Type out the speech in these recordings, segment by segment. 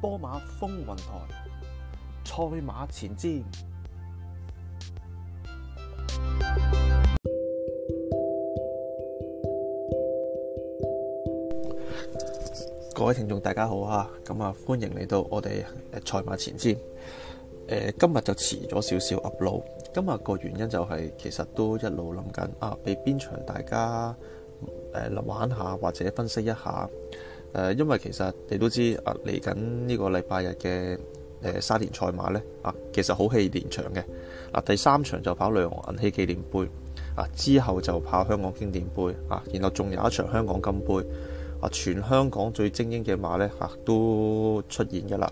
波馬風雲台賽馬前瞻，各位聽眾大家好啊，咁啊歡迎嚟到我哋誒賽馬前瞻。今日就遲咗少少 upload，今日個原因就係其實都一路諗緊啊，俾邊場大家誒玩下或者分析一下。誒，因為其實你都知啊，嚟緊呢個禮拜日嘅誒沙田賽馬呢，啊，其實好戲連場嘅嗱。第三場就跑女皇銀禧紀念杯啊，之後就跑香港經典杯啊，然後仲有一場香港金杯啊，全香港最精英嘅馬呢嚇都出現㗎喇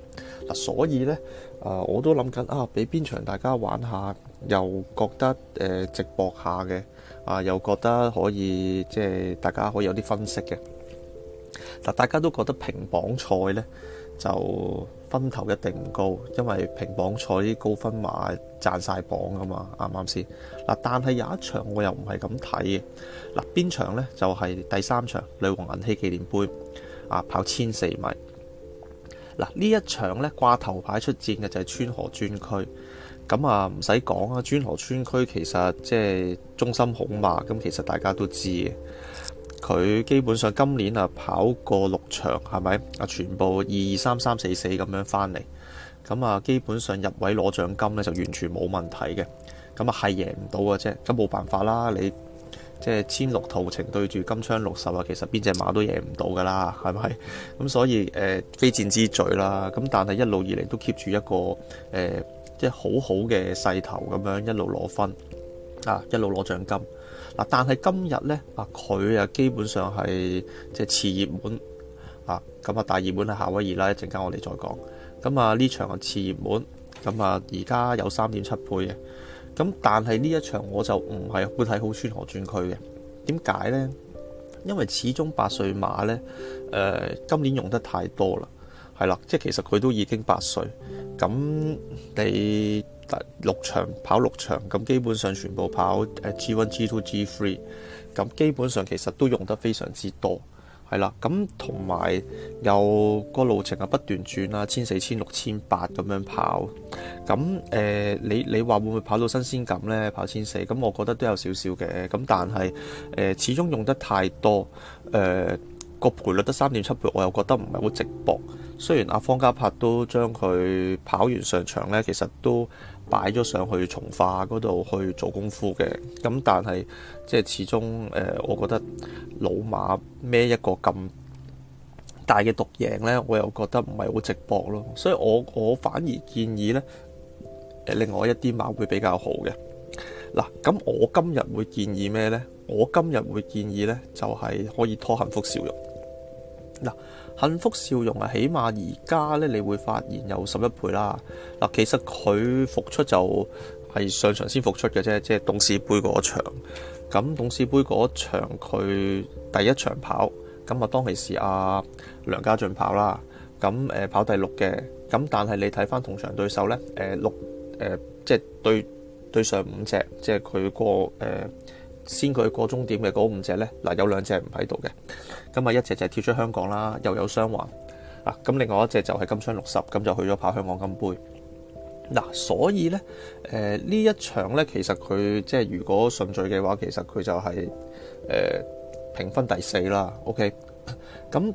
嗱，所以呢，啊，我都諗緊啊，俾邊場大家玩下，又覺得誒值博下嘅啊，又覺得可以即係大家可以有啲分析嘅。嗱，大家都覺得平磅賽呢就分頭一定唔高，因為平磅賽啲高分馬賺晒磅啊嘛，啱唔啱先？嗱，但係有一場我又唔係咁睇嘅，嗱，邊場咧就係、是、第三場女皇銀禧紀念杯啊，跑千四米。嗱、啊、呢一場咧掛頭牌出戰嘅就係川河尊駒，咁啊唔使講啊，川河尊駒其實即係中心好馬。咁其實大家都知嘅。佢基本上今年啊跑過六場，係咪啊全部二二三三四四咁樣翻嚟，咁啊基本上入位攞獎金呢，就完全冇問題嘅，咁啊係贏唔到嘅啫，咁冇辦法啦，你即係千六途程對住金槍六十啊，其實邊隻馬都贏唔到噶啦，係咪？咁所以誒非戰之罪啦，咁但係一路以嚟都 keep 住一個誒、呃、即係好好嘅勢頭咁樣一路攞分。啊，一路攞獎金嗱、啊，但係今日呢，啊，佢啊基本上係即係次熱門啊，咁啊大熱門係夏威夷啦，啊、一陣間我哋再講，咁啊呢場係次熱門，咁啊而家有三點七倍嘅，咁、啊、但係呢一場我就唔係好睇好穿河轉區嘅，點解呢？因為始終八歲馬呢，誒、呃、今年用得太多啦，係啦，即係其實佢都已經八歲，咁你。六場跑六場，咁基本上全部跑誒 G One、G Two、G Three，咁基本上其實都用得非常之多，係啦。咁同埋有個路程啊不斷轉啦，千四、千六、千八咁樣跑，咁誒、呃、你你話會唔會跑到新鮮感呢？跑千四，咁我覺得都有少少嘅，咁但係誒、呃、始終用得太多，誒、呃、個賠率得三點七倍，我又覺得唔係好值搏。雖然阿、啊、方嘉柏都將佢跑完上場呢，其實都擺咗上去從化嗰度去做功夫嘅。咁但係即係始終誒、呃，我覺得老馬孭一個咁大嘅獨贏呢，我又覺得唔係好值搏咯。所以我我反而建議呢，另外一啲馬會比較好嘅。嗱，咁我今日會建議咩呢？我今日會建議呢，就係、是、可以拖幸福笑容。嗱，幸福笑容啊，起碼而家咧，你會發現有十一倍啦。嗱，其實佢復出就係上場先復出嘅啫，即係董事杯嗰場。咁董事杯嗰場佢第一場跑，咁啊當其時阿梁家俊跑啦，咁誒跑第六嘅。咁但係你睇翻同場對手咧，誒、呃、六誒、呃、即係對對上五隻，即係佢、那個誒。呃先佢過終點嘅嗰五隻呢，嗱、啊、有兩隻唔喺度嘅，咁啊一隻就係跳出香港啦，又有傷患，啊咁另外一隻就係金鎗六十，咁就去咗跑香港金杯。嗱、啊，所以呢，誒、呃、呢一場呢，其實佢即係如果順序嘅話，其實佢就係誒評分第四啦。OK，咁誒、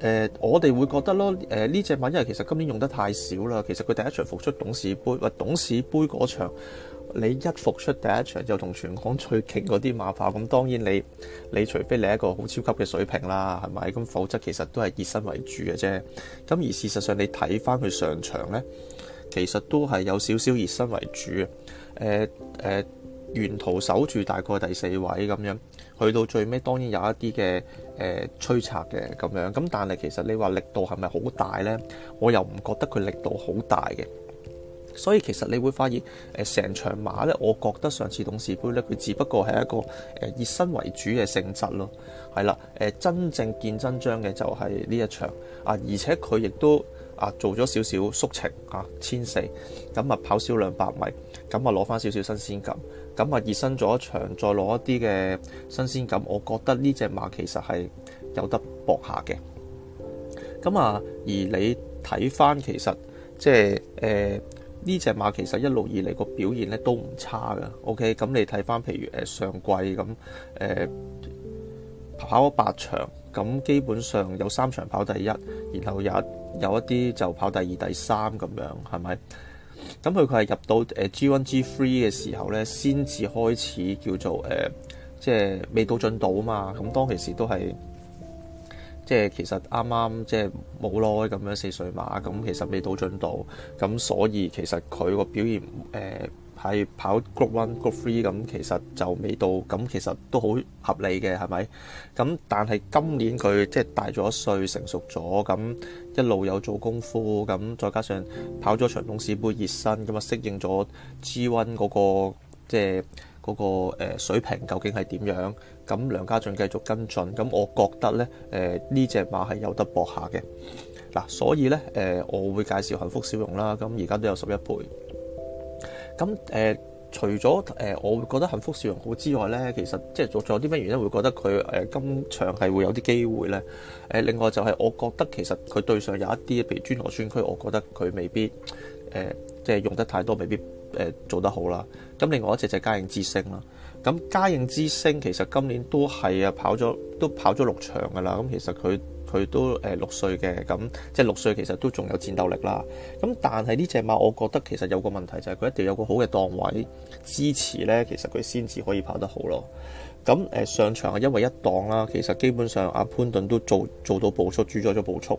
呃、我哋會覺得咯，誒呢隻馬因為其實今年用得太少啦，其實佢第一場復出董事杯或董事杯嗰場。你一復出第一場就同全港最勁嗰啲馬跑，咁當然你，你除非你一個好超級嘅水平啦，係咪？咁否則其實都係熱身為主嘅啫。咁而事實上你睇返佢上場呢，其實都係有少少熱身為主嘅。誒、呃呃、沿途守住大概第四位咁樣，去到最尾當然有一啲嘅誒催策嘅咁樣。咁但係其實你話力度係咪好大呢？我又唔覺得佢力度好大嘅。所以其實你會發現，誒、呃、成場馬呢，我覺得上次董事杯呢，佢只不過係一個誒熱、呃、身為主嘅性質咯，係啦，誒、呃、真正見真章嘅就係呢一場啊，而且佢亦都啊做咗少少縮程啊，千四咁啊跑少兩百米，咁啊攞翻少少新鮮感，咁啊熱身咗一場，再攞一啲嘅新鮮感，我覺得呢隻馬其實係有得搏下嘅。咁啊，而你睇翻其實即係誒。呃呢隻馬其實一路以嚟個表現咧都唔差㗎。OK，咁你睇返譬如誒、呃、上季咁誒、呃、跑咗八場咁、呃，基本上有三場跑第一，然後有一有一啲就跑第二、第三咁樣，係咪？咁佢佢係入到誒 G One、G Three 嘅時候咧，先至開始叫做誒、呃、即係未到進度啊嘛。咁、呃、當其時都係。即係其實啱啱即係冇耐咁樣四歲馬咁，其實未到進度，咁所以其實佢個表現誒喺、呃、跑 Group One、Group Three 咁，其實就未到，咁其實都好合理嘅，係咪？咁但係今年佢即係大咗一歲，成熟咗，咁一路有做功夫，咁再加上跑咗長通市杯熱身，咁啊適應咗 G One 嗰個即係嗰、嗰個水平究竟係點樣？咁梁家俊繼續跟進，咁我覺得咧，誒呢隻馬係有得搏下嘅。嗱、啊，所以咧，誒、呃、我會介紹幸福笑容啦。咁而家都有十一倍。咁誒、呃，除咗誒、呃、我會覺得幸福笑容好之外咧，其實即係仲有啲咩原因會覺得佢誒、呃、今場係會有啲機會咧？誒、呃，另外就係我覺得其實佢對上有一啲，譬如專禾專區，我覺得佢未必誒、呃、即係用得太多，未必誒、呃、做得好啦。咁、啊、另外一隻就嘉應之星啦。咁嘉應之星其實今年都係啊，跑咗都跑咗六場㗎啦。咁其實佢佢都誒六歲嘅，咁即係六歲其實都仲有戰鬥力啦。咁但係呢隻馬，我覺得其實有個問題就係佢一定有個好嘅檔位支持呢。其實佢先至可以跑得好咯。咁誒上場係因為一檔啦，其實基本上阿潘頓都做做到步速，主宰咗步速。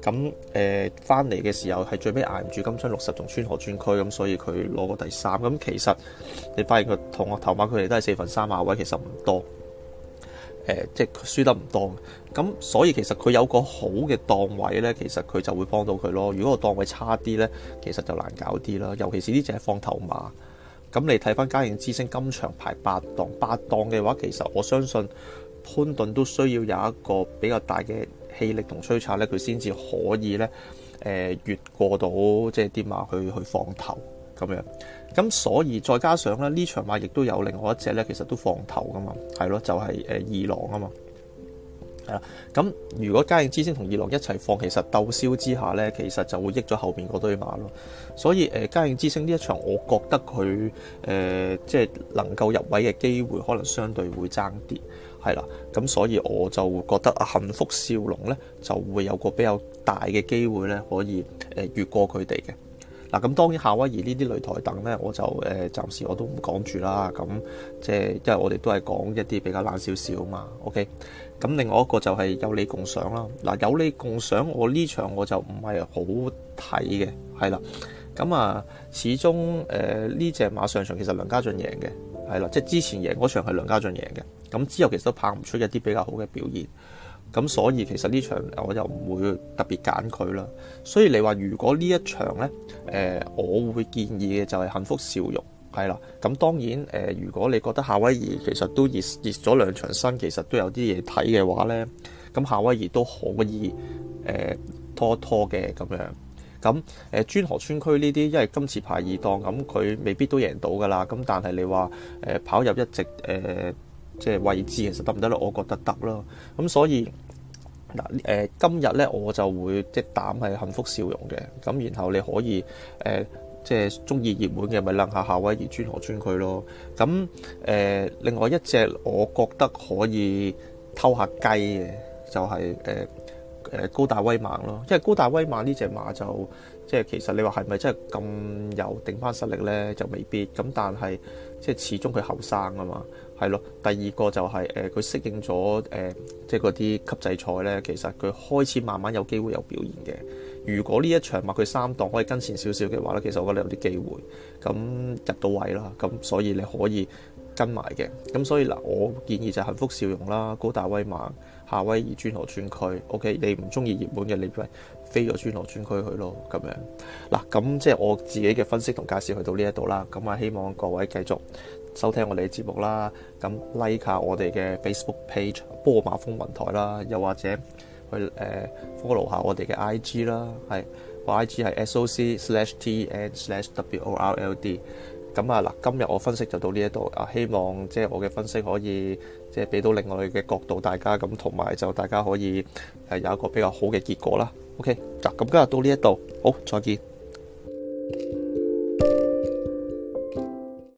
咁誒翻嚟嘅時候係最尾捱唔住金鎗六十，同川河尊駒，咁所以佢攞個第三。咁其實你發現佢同個頭馬佢哋都係四分三馬位，其實唔多。誒、呃，即係佢輸得唔多。咁所以其實佢有個好嘅檔位呢，其實佢就會幫到佢咯。如果個檔位差啲呢，其實就難搞啲啦。尤其是呢隻係放頭馬。咁你睇翻嘉應之星今場排八檔，八檔嘅話，其實我相信潘頓都需要有一個比較大嘅氣力同催策咧，佢先至可以咧，誒越過到即係啲馬去去放頭咁樣。咁所以再加上咧，呢場馬亦都有另外一隻咧，其實都放頭噶嘛，係咯，就係誒二郎啊嘛。係啦，咁、嗯、如果嘉應之星同二郎一齊放，其實鬥銷之下咧，其實就會益咗後邊嗰堆馬咯。所以誒，嘉、呃、應之星呢一場，我覺得佢誒即係能夠入位嘅機會，可能相對會爭啲。係、嗯、啦，咁、嗯嗯、所以我就覺得幸福少龍咧，就會有個比較大嘅機會咧，可以誒越過佢哋嘅。嗱，咁當然夏威夷呢啲擂台等呢，我就誒暫時我都唔講住啦。咁即係因為我哋都係講一啲比較冷少少嘛。OK，咁另外一個就係有你共賞啦。嗱，有你共賞，我呢場我就唔係好睇嘅，係啦。咁啊，始終誒呢隻馬上場其實梁家俊贏嘅，係啦，即係之前贏嗰場係梁家俊贏嘅。咁之後其實都拍唔出一啲比較好嘅表現。咁所以其實呢場我又唔會特別揀佢啦。所以你話如果呢一場呢，誒、呃，我會建議嘅就係幸福笑容，係啦。咁當然誒、呃，如果你覺得夏威夷其實都熱熱咗兩場新，其實都有啲嘢睇嘅話呢，咁夏威夷都可以誒、呃、拖拖嘅咁樣。咁誒專河村區呢啲，因為今次排二檔，咁、嗯、佢未必都贏到噶啦。咁但係你話誒、呃、跑入一席誒。呃即係位置其實得唔得咧？我覺得得咯。咁、嗯、所以嗱誒、呃，今日咧我就會即係膽係幸福笑容嘅咁，然後你可以誒、呃、即係中意熱，熱門嘅咪諗下夏威夷穿河穿佢咯。咁、嗯、誒、呃，另外一隻我覺得可以偷下雞嘅就係誒誒高大威猛咯，因為高大威猛呢隻馬就即係其實你話係咪真係咁有頂班實力咧？就未必咁，但係即係始終佢後生啊嘛。係咯，第二個就係、是、誒，佢、呃、適應咗誒、呃，即係嗰啲級制賽咧，其實佢開始慢慢有機會有表現嘅。如果呢一場麥佢三檔可以跟前少少嘅話咧，其實我覺得有啲機會，咁入到位啦，咁所以你可以跟埋嘅。咁所以嗱、呃，我建議就幸福笑容啦，高大威猛，夏威夷專攞專區。OK，你唔中意熱門嘅，你咪飛咗專攞專區去咯，咁樣。嗱、啊，咁即係我自己嘅分析同介紹去到呢一度啦。咁啊，希望各位繼續收聽我哋嘅節目啦，咁 like 下我哋嘅 Facebook page 波馬風雲台啦，又或者去誒、呃、follow 下我哋嘅 IG 啦，係 IG 係 S O C slash T E N slash W O R L D。咁啊嗱，今日我分析就到呢一度啊，希望即係、呃、我嘅分析可以即係俾到另外嘅角度大家咁，同、啊、埋就大家可以係、呃、有一個比較好嘅結果啦。OK，嗱、啊，咁、啊、今日到呢一度，好，再見。